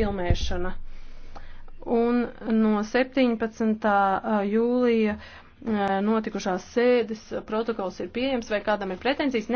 filmēšana. Un no 17. jūlija notikušās sēdes protokols ir pieejams vai kādam ir pretensijas?